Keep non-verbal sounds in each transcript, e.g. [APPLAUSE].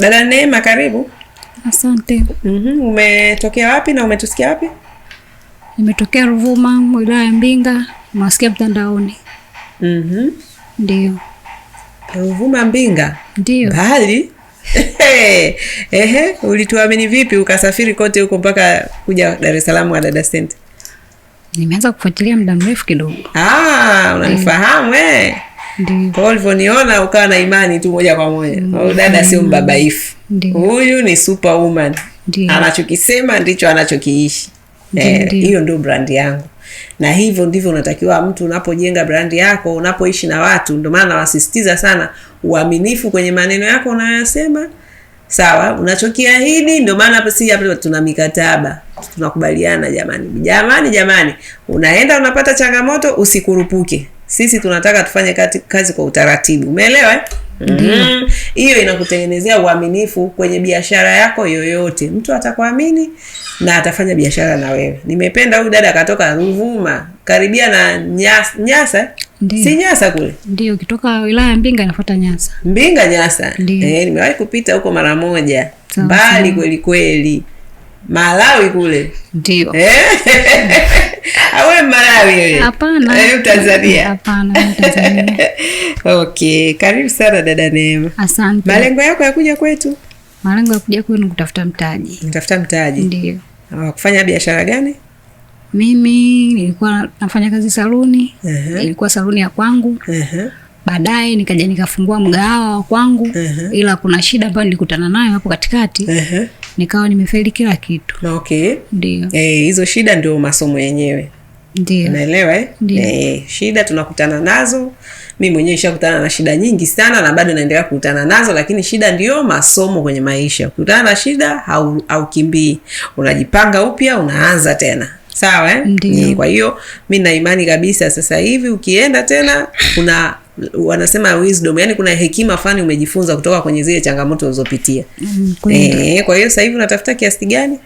Dada Neema, karibu. Asante. mm -hmm. Umetokea wapi na umetusikia wapi? Nimetokea Ruvuma, wilaya ya Mbinga, mawasikia mtandaoni. mm -hmm. Ndio. Ruvuma Mbinga, ndio Bali? [LAUGHS] Ehe, ulituamini vipi ukasafiri kote huko mpaka kuja Dar es Salaam Dada Senta? Nimeanza kufuatilia muda mrefu kidogo. Ah, unanifahamu eh? Kwa hiyo ulivyoniona ukawa na imani tu moja kwa moja, huyu dada sio mm. mbabaifu, huyu ni superwoman. Anachokisema ndicho anachokiishi. Hiyo eh, ndio brandi yangu na hivyo ndivyo unatakiwa mtu, unapojenga brandi yako, unapoishi na watu. Ndio maana nawasisitiza sana uaminifu kwenye maneno yako unayoyasema, sawa, unachokiahidi. Ndio maana hapa si hapa tuna mikataba, tunakubaliana. Jamani, jamani, jamani, unaenda unapata changamoto, usikurupuke sisi tunataka tufanye kazi kwa utaratibu. Umeelewa eh? mhm. hiyo? mm -hmm. Inakutengenezea uaminifu kwenye biashara yako yoyote, mtu atakuamini na atafanya biashara na wewe. Nimependa huyu dada akatoka Ruvuma karibia na Nyasa, Nyasa eh? si Nyasa kule ndio, ukitoka wilaya Mbinga inafuata Nyasa, Mbinga Nyasa. Eh, nimewahi kupita huko mara moja, mbali kweli kweli, Malawi kule ndio eh? [LAUGHS] awe ah, Malawi? Hapana, eh, Tanzania. Hapana, Tanzania. [LAUGHS] Okay, karibu sana dada Neema. Asante. Malengo yako ya kuja kwetu? Malengo ya kuja kwenu kutafuta mtaji. Kutafuta mtaji. Ndio. Ah, kufanya biashara gani? Mimi nilikuwa nafanya kazi saluni. uh -huh. Ilikuwa saluni ya kwangu. uh -huh. Baadaye nikaja nikafungua mgahawa wa kwangu. uh -huh. Ila kuna shida ambayo nilikutana nayo hapo katikati. uh -huh nikawa nimefeli kila kitu. Okay, ndio eh, hizo. shida ndio masomo yenyewe ndio, naelewa eh? E, shida tunakutana nazo. Mi mwenyewe ishakutana na shida nyingi sana na bado naendelea kukutana nazo, lakini shida ndio masomo kwenye maisha. Ukikutana na shida haukimbii, unajipanga upya, unaanza tena sawa eh? Kwa hiyo mi na imani kabisa sasa hivi ukienda tena kuna wanasema wisdom, yani kuna hekima fani umejifunza kutoka kwenye zile changamoto ulizopitia. Mm, e, kwa hiyo sasa hivi unatafuta kiasi gani?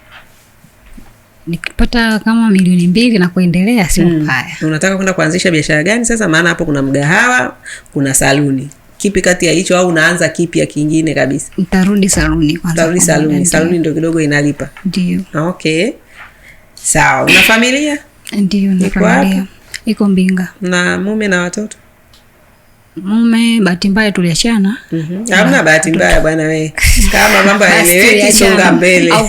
Nikipata kama milioni mbili na kuendelea, sio mm. mbaya. Mm, unataka kwenda kuanzisha biashara gani sasa? Maana hapo kuna mgahawa, kuna saluni kipi kati ya hicho au unaanza kipya kingine kabisa? Mtarudi saluni kwanza. Tarudi saluni, saluni ndio kidogo inalipa. Ndio. Okay. Sawa, una familia? Ndio, na familia. Iko Mbinga. Na mume na watoto? mume bahati mbaya tuliachana. mm hamna -hmm. bahati mbaya bwana wewe, kama mambo [LAUGHS] yaeleweki, songa mbele. [LAUGHS]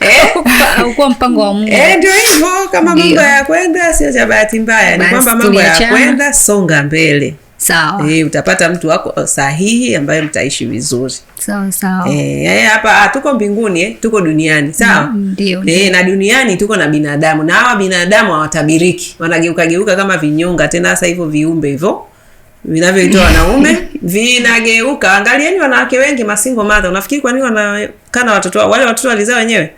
Eh? Haukuwa mpango wa Mungu, eh, ndio hivyo. Kama mambo kwenda sio cha bahati mbaya, ni kwamba mambo kwenda, songa mbele. Sawa. E, utapata mtu wako sahihi ambaye mtaishi vizuri sawa sawa. E, hapa ah, tuko mbinguni eh, tuko duniani sawa. Mm, ndio, e, na duniani tuko na binadamu, na hawa binadamu hawatabiriki, wanageuka geuka kama vinyonga tena, hasa hivyo viumbe hivyo vinavyoitwa wanaume vinageuka. Angalieni wanawake wengi masingo madha, unafikiri kwanini wanakana wanakaa na watoto wao? Wale watoto walizaa wenyewe?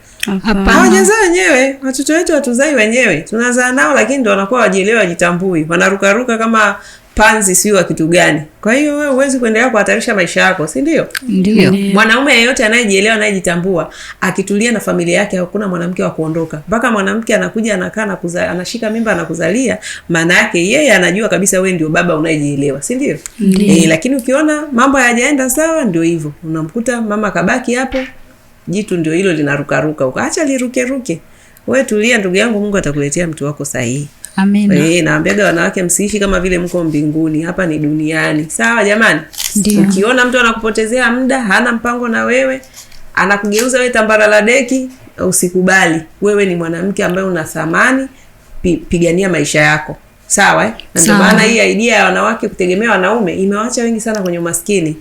Hawajazaa wenyewe. Watoto wetu hatuzai wenyewe, tunazaa nao, lakini ndo wanakuwa wajielewa, wajitambui, wanarukaruka kama panzi sijui wa kitu gani. Kwa hiyo wewe huwezi kuendelea kuhatarisha maisha yako, si ndio? Ndio. Mwanaume yeyote anayejielewa, anayejitambua, akitulia na familia yake, hakuna mwanamke wa kuondoka. Mpaka mwanamke anakuja anakaa na kuzaa anashika mimba kuzalia, maana yake yeye anajua kabisa wewe ndio baba unayejielewa, si ndio? E, lakini ukiona mambo hayajaenda sawa, ndio hivyo, unamkuta mama kabaki hapo, jitu ndio hilo linarukaruka, ukaacha ruke. Wewe tulia, ndugu yangu, Mungu atakuletea mtu wako sahihi. Amina. E, naambiaga wanawake msiishi kama vile mko mbinguni, hapa ni duniani. Sawa jamani? Ndiyo. Ukiona mtu anakupotezea muda, hana mpango na wewe, anakugeuza wewe tambara la deki, usikubali. Wewe ni mwanamke ambaye una thamani, pigania maisha yako. Sawa eh? Na ndio maana hii idea ya wanawake kutegemea wanaume imewacha wengi sana kwenye umaskini.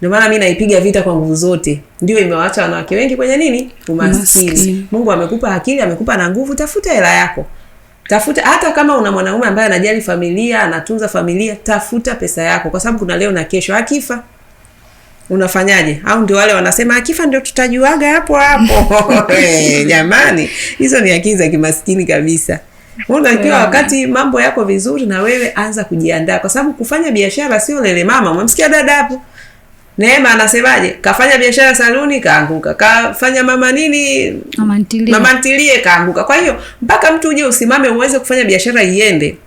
Ndio maana mimi naipiga vita kwa nguvu zote. Ndio imewacha wanawake wengi kwenye nini? Umaskini. Mungu amekupa akili, amekupa na nguvu, tafuta hela yako. Tafuta hata kama una mwanaume ambaye anajali familia, anatunza familia, tafuta pesa yako, kwa sababu kuna leo na kesho. Akifa unafanyaje? Au ndio wale wanasema akifa ndio tutajuaga hapo hapo. [LAUGHS] [LAUGHS] Eh, jamani, hizo ni akili za kimaskini kabisa. Unatakiwa wakati mambo yako vizuri, na wewe anza kujiandaa, kwa sababu kufanya biashara sio lele mama. Umemsikia dada hapo? Neema anasemaje? Kafanya biashara saluni kaanguka, kafanya mama nini, mama ntilie, mama ntilie kaanguka. Kwa hiyo mpaka mtu uje usimame uweze kufanya biashara iende,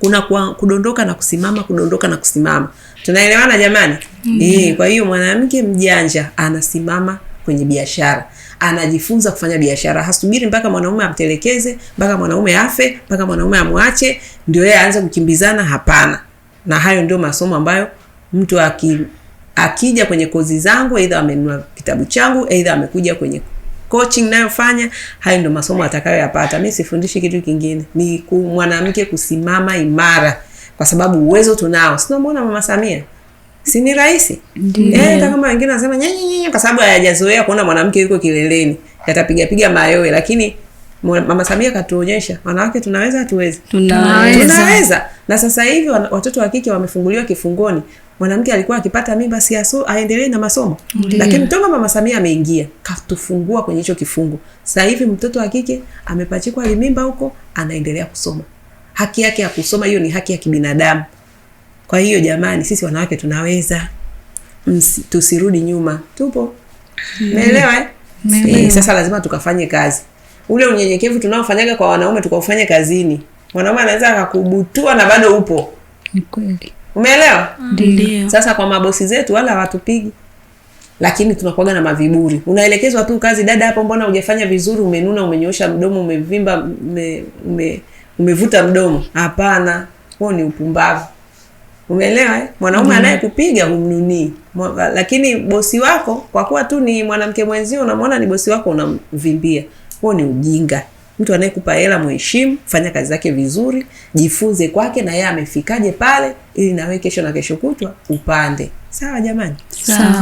kuna kwa, kudondoka na kusimama, kudondoka na kusimama. Tunaelewana jamani? mm -hmm. kwa hiyo mwanamke mjanja anasimama kwenye biashara, anajifunza kufanya biashara, hasubiri mpaka mwanaume amtelekeze, mpaka mwanaume afe, mpaka mwanaume amwache ndio yeye aanze kukimbizana. Hapana, na hayo ndio masomo ambayo mtu aki akija kwenye kozi zangu, aidha amenunua kitabu changu, aidha amekuja kwenye coaching nayofanya, hayo ndio masomo atakayoyapata. Mi sifundishi kitu kingine, ni mwanamke kusimama imara, kwa sababu uwezo tunao. Sinamwona mama Samia si ni rahisi eh, hata kama wengine wanasema nyenye, kwa sababu hayajazoea kuona mwanamke yuko kileleni, yatapigapiga mayowe, lakini Mama Samia katuonyesha wanawake tunaweza, hatuwezi, tunaweza, tunaweza. Na sasa hivi watoto wa kike wamefunguliwa kifungoni. Mwanamke alikuwa akipata mimba si aendelee na masomo, lakini toka Mama Samia ameingia katufungua kwenye hicho kifungo. Sasa hivi mtoto wa kike amepachikwa limimba huko, anaendelea kusoma, haki yake ya kusoma, hiyo ni haki ya kibinadamu. Kwa hiyo jamani, sisi wanawake tunaweza, tusirudi nyuma, tupo. Eh? Umeelewa eh? Sasa lazima tukafanye kazi ule unyenyekevu tunaofanyaga kwa wanaume tukaufanye kazini. Mwanaume anaweza akakubutua na bado upo. Umeelewa? Mm. Sasa kwa mabosi zetu wala hawatupigi, lakini tunakuaga na maviburi. Unaelekezwa tu kazi, dada, hapo mbona ujafanya vizuri? Umenuna, umenyoosha mdomo, umevimba, ume, ume, umevuta mdomo. Hapana, huo ni upumbavu. Umeelewa eh? Mwanaume anayekupiga humnunii, lakini bosi wako kwa kuwa tu ni mwanamke mwenzio, unamwona ni bosi wako, unamvimbia huo ni ujinga. Mtu anayekupa hela mheshimu, fanya kazi zake vizuri, jifunze kwake na yeye amefikaje pale, ili nawe kesho na kesho kutwa upande. Sawa jamani?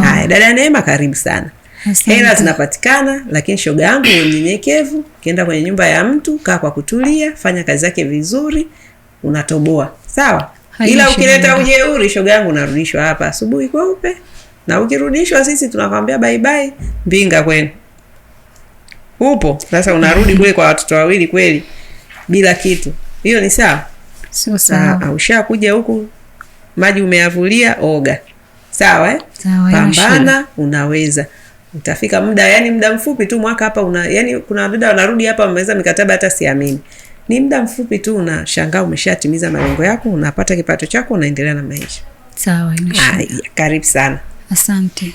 Haya, dada ya Neema, karibu sana. Hela zinapatikana, lakini shoga yangu ni mnyenyekevu. Ukienda kwenye nyumba ya mtu, kaa kwa kutulia, fanya kazi zake vizuri, unatoboa. Sawa? Ila ukileta ujeuri, shoga yangu, unarudishwa hapa asubuhi kweupe, na ukirudishwa, sisi tunakwambia bye bye, mbinga kwenu upo sasa, unarudi kule kwa watoto wawili kweli bila kitu, hiyo ni sawa? Sio sawa. Ah, ah, ushakuja huku maji umeavulia oga. Sawa eh? pambana, unaweza utafika muda, yani muda mfupi tu mwaka hapa una, yani kuna wadada wanarudi hapa wameweza mikataba hata siamini, ni muda mfupi tu unashangaa umeshatimiza malengo yako, unapata kipato chako, unaendelea na maisha. Sawa, karibu sana, asante.